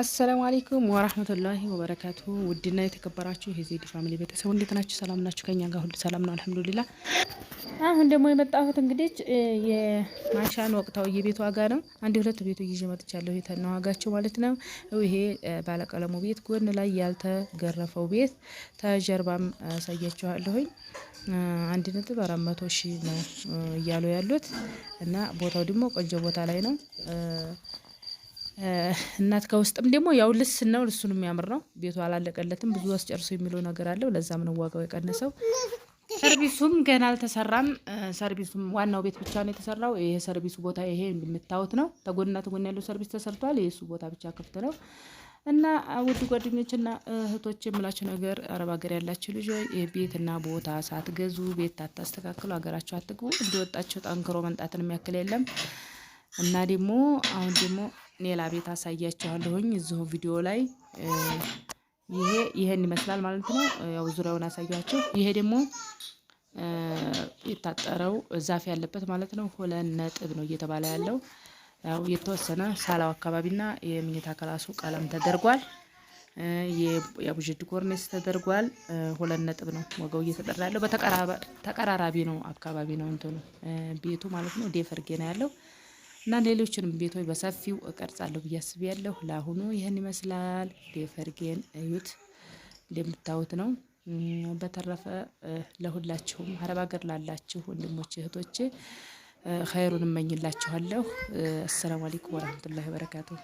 አሰላሙ አሌይኩም ወራህመቱላሂ ወበረካቱ። ውድና የተከበራችሁ የዜድ ፋሚሊ ቤተሰብ እንዴት ናችሁ? ሰላም ናችሁ? ከኛ ጋር ሁሉ ሰላም ነው፣ አልሐምዱሊላ። አሁን ደግሞ የመጣሁት እንግዲህ የማሻን ወቅታዊ የቤት ዋጋ ነው። አንድ ሁለት ቤቱ ይዤ መጥቻለሁ። የተና ዋጋቸው ማለት ነው። ይሄ ባለቀለሙ ቤት ጎን ላይ ያልተገረፈው ቤት ተጀርባም አሳያችኋለሁኝ። አንድ ነጥብ አራት መቶ ሺህ ነው እያሉ ያሉት እና ቦታው ደግሞ ቆንጆ ቦታ ላይ ነው እናት ከውስጥም ደግሞ ያው ልስ ነው ልሱን የሚያምር ነው። ቤቱ አላለቀለትም ብዙ አስጨርሶ የሚለው ነገር አለው። ለዛም ነው ዋጋው የቀነሰው። ሰርቪሱም ገና አልተሰራም። ሰርቪሱም ዋናው ቤት ብቻ ነው የተሰራው። ይሄ ሰርቪሱ ቦታ ይሄ እንደምታዩት ነው። ተጎንና ተጎን ያለው ሰርቪስ ተሰርቷል። የሱ ቦታ ብቻ ክፍት ነው። እና ውድ ጓደኞችና እህቶች የምላቸው ነገር አረብ ሀገር ያላቸው ልጆች ቤትና ቦታ ሳትገዙ ቤት አታስተካክሉ፣ ሀገራቸው አትግቡ። እንደወጣቸው ጠንክሮ መምጣትን የሚያክል የለም እና ደግሞ አሁን ደግሞ ሌላ ቤት አሳያችኋለሁኝ እዚሁ ቪዲዮ ላይ ይሄ ይሄን ይመስላል ማለት ነው። ያው ዙሪያውን አሳያችሁ። ይሄ ደግሞ የታጠረው ዛፍ ያለበት ማለት ነው። ሁለት ነጥብ ነው እየተባለ ያለው ያው የተወሰነ ሳላው አካባቢና የምኝታ ክላሱ ቀለም ተደርጓል። የቡዥድ ኮርኔስ ተደርጓል። ሁለት ነጥብ ነው ወገው እየተጠራ ያለው። በተቀራራቢ ነው አካባቢ ነው እንትኑ ቤቱ ማለት ነው። ዴፈርጌ ነው ያለው። እና ሌሎችንም ቤቶች በሰፊው እቀርጻለሁ ብዬ አስቤያለሁ። ለአሁኑ ይህን ይመስላል። ሌፈርጌን እዩት፣ እንደምታዩት ነው። በተረፈ ለሁላችሁም አረብ ሀገር ላላችሁ ወንድሞች እህቶቼ ኸይሩን እመኝላችኋለሁ። አሰላሙ አለይኩም ወረህመቱላሂ ወበረካቱሁ።